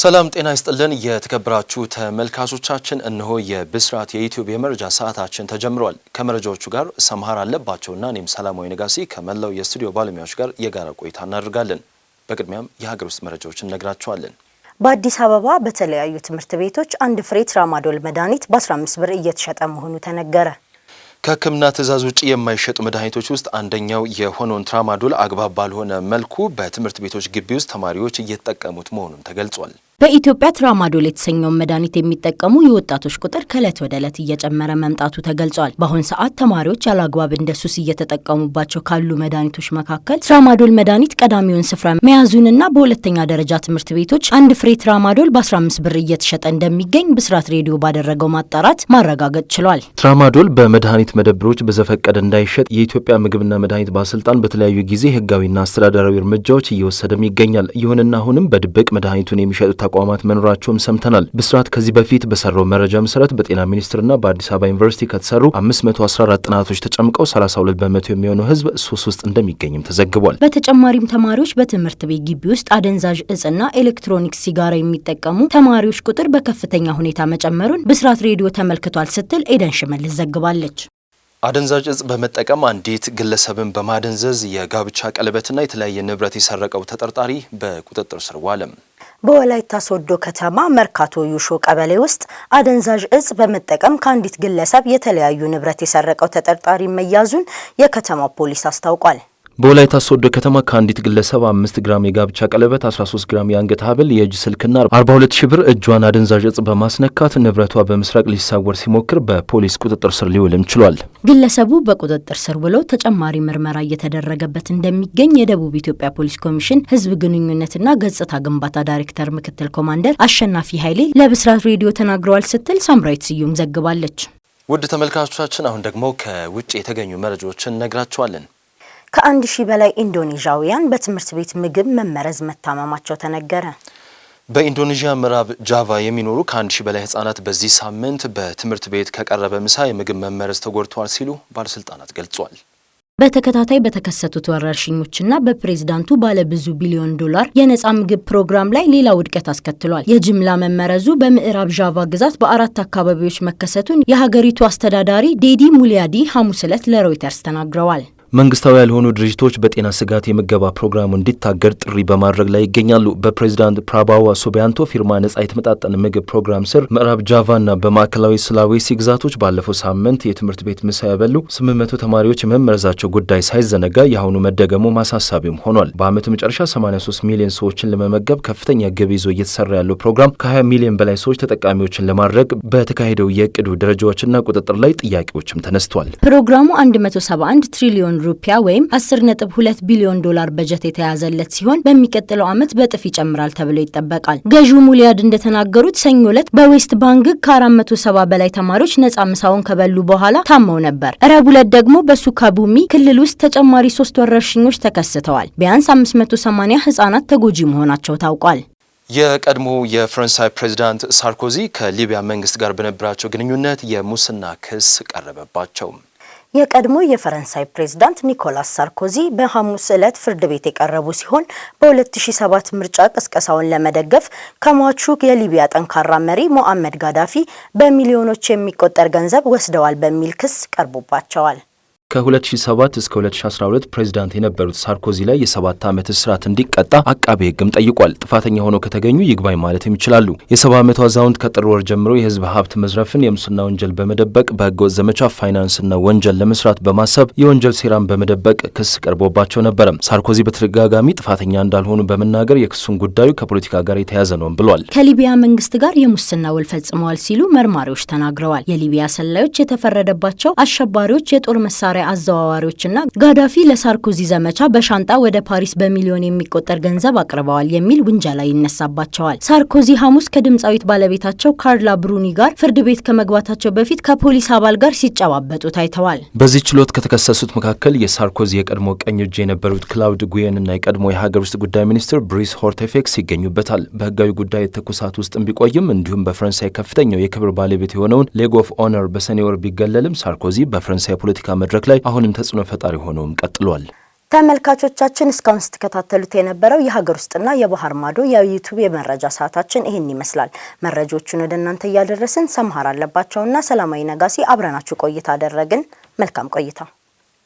ሰላም ጤና ይስጥልን የተከበራችሁ ተመልካቾቻችን፣ እነሆ የብስራት የዩቲዩብ የመረጃ ሰዓታችን ተጀምሯል። ከመረጃዎቹ ጋር ሰምሃር አለባቸውና እኔም ሰላማዊ ነጋሲ ከመላው የስቱዲዮ ባለሙያዎች ጋር የጋራ ቆይታ እናደርጋለን። በቅድሚያም የሀገር ውስጥ መረጃዎችን እነግራችኋለን። በአዲስ አበባ በተለያዩ ትምህርት ቤቶች አንድ ፍሬ ትራማዶል መድኃኒት በ15 ብር እየተሸጠ መሆኑ ተነገረ። ከሕክምና ትዕዛዝ ውጭ የማይሸጡ መድኃኒቶች ውስጥ አንደኛው የሆነውን ትራማዶል አግባብ ባልሆነ መልኩ በትምህርት ቤቶች ግቢ ውስጥ ተማሪዎች እየተጠቀሙት መሆኑን ተገልጿል። በኢትዮጵያ ትራማዶል የተሰኘውን መድኃኒት የሚጠቀሙ የወጣቶች ቁጥር ከእለት ወደ ዕለት እየጨመረ መምጣቱ ተገልጿል። በአሁን ሰዓት ተማሪዎች ያለ እንደ ሱስ እየተጠቀሙባቸው ካሉ መድኃኒቶች መካከል ትራማዶል መድኃኒት ቀዳሚውን ስፍራ መያዙንና በሁለተኛ ደረጃ ትምህርት ቤቶች አንድ ፍሬ ትራማዶል በ15 ብር እየተሸጠ እንደሚገኝ ብስራት ሬዲዮ ባደረገው ማጣራት ማረጋገጥ ችሏል። ትራማዶል በመድኃኒት መደብሮች በዘፈቀደ እንዳይሸጥ የኢትዮጵያ ምግብና መድኃኒት ባለስልጣን በተለያዩ ጊዜ ህጋዊና አስተዳደራዊ እርምጃዎች እየወሰደም ይገኛል። ይሁንና አሁንም በድብቅ መድኃኒቱን የሚሸጡት ተቋማት መኖራቸውም ሰምተናል። ብስራት ከዚህ በፊት በሰራው መረጃ መሰረት በጤና ሚኒስቴርና በአዲስ አበባ ዩኒቨርሲቲ ከተሰሩ 514 ጥናቶች ተጨምቀው 32 በመቶ የሚሆነው ህዝብ ሱስ ውስጥ እንደሚገኝም ተዘግቧል። በተጨማሪም ተማሪዎች በትምህርት ቤት ግቢ ውስጥ አደንዛዥ እጽና ኤሌክትሮኒክስ ሲጋራ የሚጠቀሙ ተማሪዎች ቁጥር በከፍተኛ ሁኔታ መጨመሩን ብስራት ሬዲዮ ተመልክቷል ስትል ኤደን ሽመልስ ዘግባለች። አደንዛዥ እጽ በመጠቀም አንዲት ግለሰብን በማደንዘዝ የጋብቻ ቀለበትና የተለያየ ንብረት የሰረቀው ተጠርጣሪ በቁጥጥር ስር ዋለም። በወላይታ ሶዶ ከተማ መርካቶ ዩሾ ቀበሌ ውስጥ አደንዛዥ እጽ በመጠቀም ከአንዲት ግለሰብ የተለያዩ ንብረት የሰረቀው ተጠርጣሪ መያዙን የከተማው ፖሊስ አስታውቋል። በወላይታ ሶዶ ከተማ ከአንዲት ግለሰብ አምስት ግራም የጋብቻ ቀለበት፣ 13 ግራም የአንገት ሐብል፣ የእጅ ስልክና 42 ሺ ብር እጇን አደንዛዥ እጽ በማስነካት ንብረቷ በምስራቅ ሊሳወር ሲሞክር በፖሊስ ቁጥጥር ስር ሊውልም ችሏል። ግለሰቡ በቁጥጥር ስር ውሎ ተጨማሪ ምርመራ እየተደረገበት እንደሚገኝ የደቡብ ኢትዮጵያ ፖሊስ ኮሚሽን ህዝብ ግንኙነትና ገጽታ ግንባታ ዳይሬክተር ምክትል ኮማንደር አሸናፊ ኃይሌ ለብስራት ሬዲዮ ተናግረዋል ስትል ሳምራዊት ስዩም ዘግባለች። ውድ ተመልካቾቻችን አሁን ደግሞ ከውጭ የተገኙ መረጃዎችን እነግራችኋለን። ከአንድ ሺህ በላይ ኢንዶኔዥያውያን በትምህርት ቤት ምግብ መመረዝ መታመማቸው ተነገረ። በኢንዶኔዥያ ምዕራብ ጃቫ የሚኖሩ ከአንድ ሺህ በላይ ህጻናት በዚህ ሳምንት በትምህርት ቤት ከቀረበ ምሳ የምግብ መመረዝ ተጎድተዋል ሲሉ ባለስልጣናት ገልጿል። በተከታታይ በተከሰቱት ወረርሽኞችና በፕሬዝዳንቱ ባለብዙ ቢሊዮን ዶላር የነፃ ምግብ ፕሮግራም ላይ ሌላ ውድቀት አስከትሏል። የጅምላ መመረዙ በምዕራብ ዣቫ ግዛት በአራት አካባቢዎች መከሰቱን የሀገሪቱ አስተዳዳሪ ዴዲ ሙሊያዲ ሐሙስ ዕለት ለሮይተርስ ተናግረዋል። መንግስታዊ ያልሆኑ ድርጅቶች በጤና ስጋት የምገባ ፕሮግራሙ እንዲታገድ ጥሪ በማድረግ ላይ ይገኛሉ። በፕሬዚዳንት ፕራባዋ ሱቢያንቶ ፊርማ ነጻ የተመጣጠነ ምግብ ፕሮግራም ስር ምዕራብ ጃቫና በማዕከላዊ ስላዌሲ ግዛቶች ባለፈው ሳምንት የትምህርት ቤት ምሳ ያበሉ 800 ተማሪዎች የመመረዛቸው ጉዳይ ሳይዘነጋ የአሁኑ መደገሙ ማሳሳቢም ሆኗል። በአመቱ መጨረሻ 83 ሚሊዮን ሰዎችን ለመመገብ ከፍተኛ ግብ ይዞ እየተሰራ ያለው ፕሮግራም ከ20 ሚሊዮን በላይ ሰዎች ተጠቃሚዎችን ለማድረግ በተካሄደው የእቅዱ ደረጃዎችና ቁጥጥር ላይ ጥያቄዎችም ተነስቷል። ፕሮግራሙ 171 ትሪሊዮን ሩፒያ ወይም 10.2 ቢሊዮን ዶላር በጀት የተያዘለት ሲሆን በሚቀጥለው ዓመት በጥፍ ይጨምራል ተብሎ ይጠበቃል። ገዢው ሙሊያድ እንደተናገሩት ሰኞ ዕለት በዌስት ባንክ ከ470 በላይ ተማሪዎች ነጻ ምሳውን ከበሉ በኋላ ታመው ነበር። ረቡዕ ዕለት ደግሞ በሱካቡሚ ክልል ውስጥ ተጨማሪ ሶስት ወረርሽኞች ተከስተዋል። ቢያንስ 580 ህጻናት ተጎጂ መሆናቸው ታውቋል። የቀድሞ የፈረንሳይ ፕሬዚዳንት ሳርኮዚ ከሊቢያ መንግስት ጋር በነበራቸው ግንኙነት የሙስና ክስ ቀረበባቸው። የቀድሞ የፈረንሳይ ፕሬዝዳንት ኒኮላስ ሳርኮዚ በሐሙስ ዕለት ፍርድ ቤት የቀረቡ ሲሆን በ2007 ምርጫ ቅስቀሳውን ለመደገፍ ከሟቹ የሊቢያ ጠንካራ መሪ ሞአመድ ጋዳፊ በሚሊዮኖች የሚቆጠር ገንዘብ ወስደዋል በሚል ክስ ቀርቦባቸዋል። ከ2007 እስከ 2012 ፕሬዚዳንት የነበሩት ሳርኮዚ ላይ የሰባት ዓመት እስራት እንዲቀጣ አቃቤ ሕግም ጠይቋል። ጥፋተኛ ሆነው ከተገኙ ይግባኝ ማለትም ይችላሉ። የሰባ ዓመቱ አዛውንት ከጥር ወር ጀምሮ የህዝብ ሀብት መዝረፍን የሙስና ወንጀል በመደበቅ በህገወጥ ዘመቻ ፋይናንስና ወንጀል ለመስራት በማሰብ የወንጀል ሴራን በመደበቅ ክስ ቀርቦባቸው ነበረ። ሳርኮዚ በተደጋጋሚ ጥፋተኛ እንዳልሆኑ በመናገር የክሱን ጉዳዩ ከፖለቲካ ጋር የተያዘ ነውም ብሏል። ከሊቢያ መንግስት ጋር የሙስና ውል ፈጽመዋል ሲሉ መርማሪዎች ተናግረዋል። የሊቢያ ሰላዮች የተፈረደባቸው አሸባሪዎች የጦር መሳሪያ አዘዋዋሪዎችና ጋዳፊ ለሳርኮዚ ዘመቻ በሻንጣ ወደ ፓሪስ በሚሊዮን የሚቆጠር ገንዘብ አቅርበዋል የሚል ውንጀላ ይነሳባቸዋል። ሳርኮዚ ሐሙስ ከድምፃዊት ባለቤታቸው ካርላ ብሩኒ ጋር ፍርድ ቤት ከመግባታቸው በፊት ከፖሊስ አባል ጋር ሲጨባበጡ ታይተዋል። በዚህ ችሎት ከተከሰሱት መካከል የሳርኮዚ የቀድሞ ቀኝ እጅ የነበሩት ክላውድ ጉየን እና የቀድሞ የሀገር ውስጥ ጉዳይ ሚኒስትር ብሪስ ሆርቴፌክስ ይገኙበታል። በህጋዊ ጉዳይ ትኩሳት ውስጥም ቢቆይም እንዲሁም በፈረንሳይ ከፍተኛው የክብር ባለቤት የሆነውን ሌግ ኦፍ ኦነር በሰኔ ወር ቢገለልም ሳርኮዚ በፈረንሳይ የፖለቲካ መድረክ ላይ ጉዳይ አሁንም ተጽዕኖ ፈጣሪ ሆነውም ቀጥሏል። ተመልካቾቻችን እስካሁን ስትከታተሉት የነበረው የሀገር ውስጥና የባህር ማዶ የዩቱብ የመረጃ ሰዓታችን ይህን ይመስላል። መረጃዎቹን ወደ እናንተ እያደረስን ሰምሃር አለባቸውና ሰላማዊ ነጋሲ አብረናችሁ ቆይታ አደረግን። መልካም ቆይታ